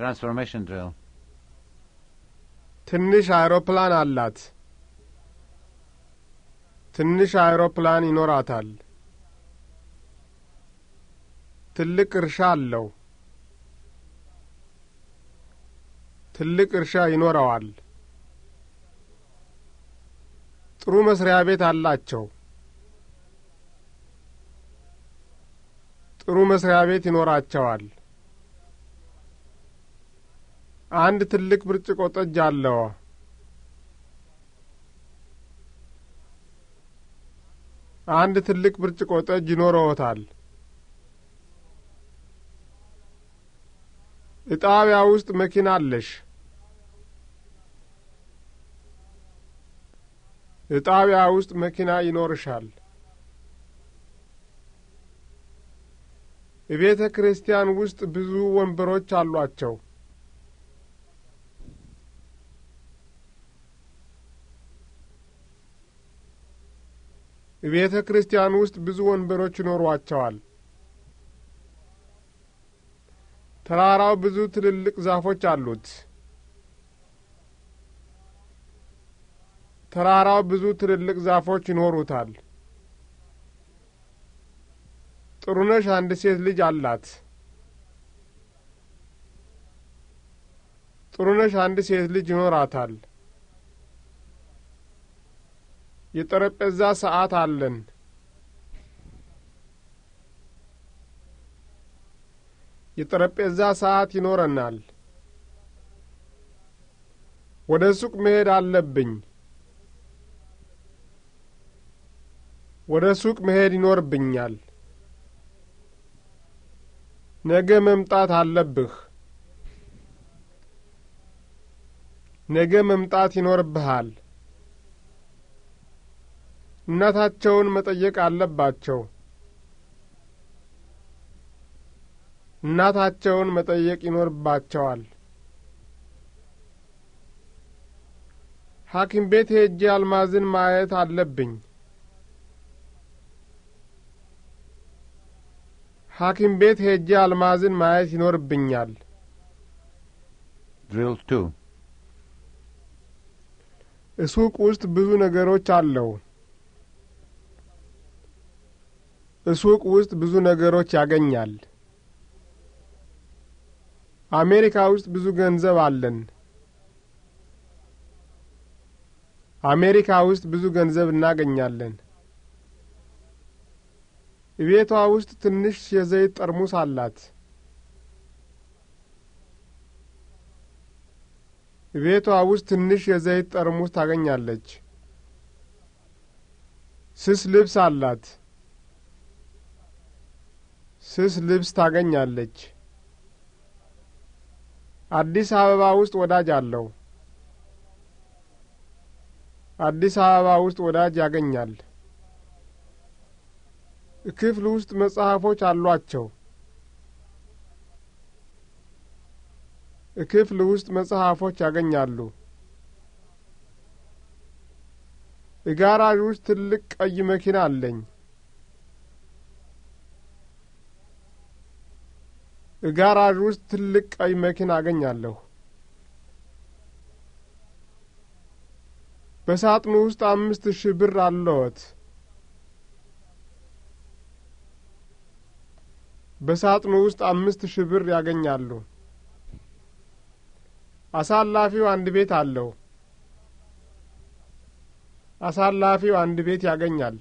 Transformation drill. ትንሽ አውሮፕላን አላት። ትንሽ አውሮፕላን ይኖራታል። ትልቅ እርሻ አለው። ትልቅ እርሻ ይኖረዋል። ጥሩ መስሪያ ቤት አላቸው። ጥሩ መስሪያ ቤት ይኖራቸዋል። አንድ ትልቅ ብርጭቆ ጠጅ አለው። አንድ ትልቅ ብርጭቆ ጠጅ ይኖረዎታል። እጣቢያ ውስጥ መኪና አለሽ። እጣቢያ ውስጥ መኪና ይኖርሻል። ቤተ ክርስቲያን ውስጥ ብዙ ወንበሮች አሏቸው። ቤተ ክርስቲያን ውስጥ ብዙ ወንበሮች ይኖሯቸዋል። ተራራው ብዙ ትልልቅ ዛፎች አሉት። ተራራው ብዙ ትልልቅ ዛፎች ይኖሩታል። ጥሩነሽ አንድ ሴት ልጅ አላት። ጥሩነሽ አንድ ሴት ልጅ ይኖራታል። የጠረጴዛ ሰዓት አለን። የጠረጴዛ ሰዓት ይኖረናል። ወደ ሱቅ መሄድ አለብኝ። ወደ ሱቅ መሄድ ይኖርብኛል። ነገ መምጣት አለብህ። ነገ መምጣት ይኖርብሃል። እናታቸውን መጠየቅ አለባቸው። እናታቸውን መጠየቅ ይኖርባቸዋል። ሐኪም ቤት ሄጄ አልማዝን ማየት አለብኝ። ሐኪም ቤት ሄጄ አልማዝን ማየት ይኖርብኛል። ድሪል ቱ እሱቅ ውስጥ ብዙ ነገሮች አለው። ሱቅ ውስጥ ብዙ ነገሮች ያገኛል። አሜሪካ ውስጥ ብዙ ገንዘብ አለን። አሜሪካ ውስጥ ብዙ ገንዘብ እናገኛለን። ቤቷ ውስጥ ትንሽ የዘይት ጠርሙስ አላት። ቤቷ ውስጥ ትንሽ የዘይት ጠርሙስ ታገኛለች። ስስ ልብስ አላት። ስስ ልብስ ታገኛለች። አዲስ አበባ ውስጥ ወዳጅ አለው። አዲስ አበባ ውስጥ ወዳጅ ያገኛል። ክፍል ውስጥ መጽሐፎች አሏቸው። ክፍል ውስጥ መጽሐፎች ያገኛሉ። ጋራዥ ውስጥ ትልቅ ቀይ መኪና አለኝ። ጋራዥ ውስጥ ትልቅ ቀይ መኪና አገኛለሁ። በሳጥኑ ውስጥ አምስት ሺህ ብር አለዎት። በሳጥኑ ውስጥ አምስት ሺህ ብር ያገኛሉ። አሳላፊው አንድ ቤት አለው። አሳላፊው አንድ ቤት ያገኛል።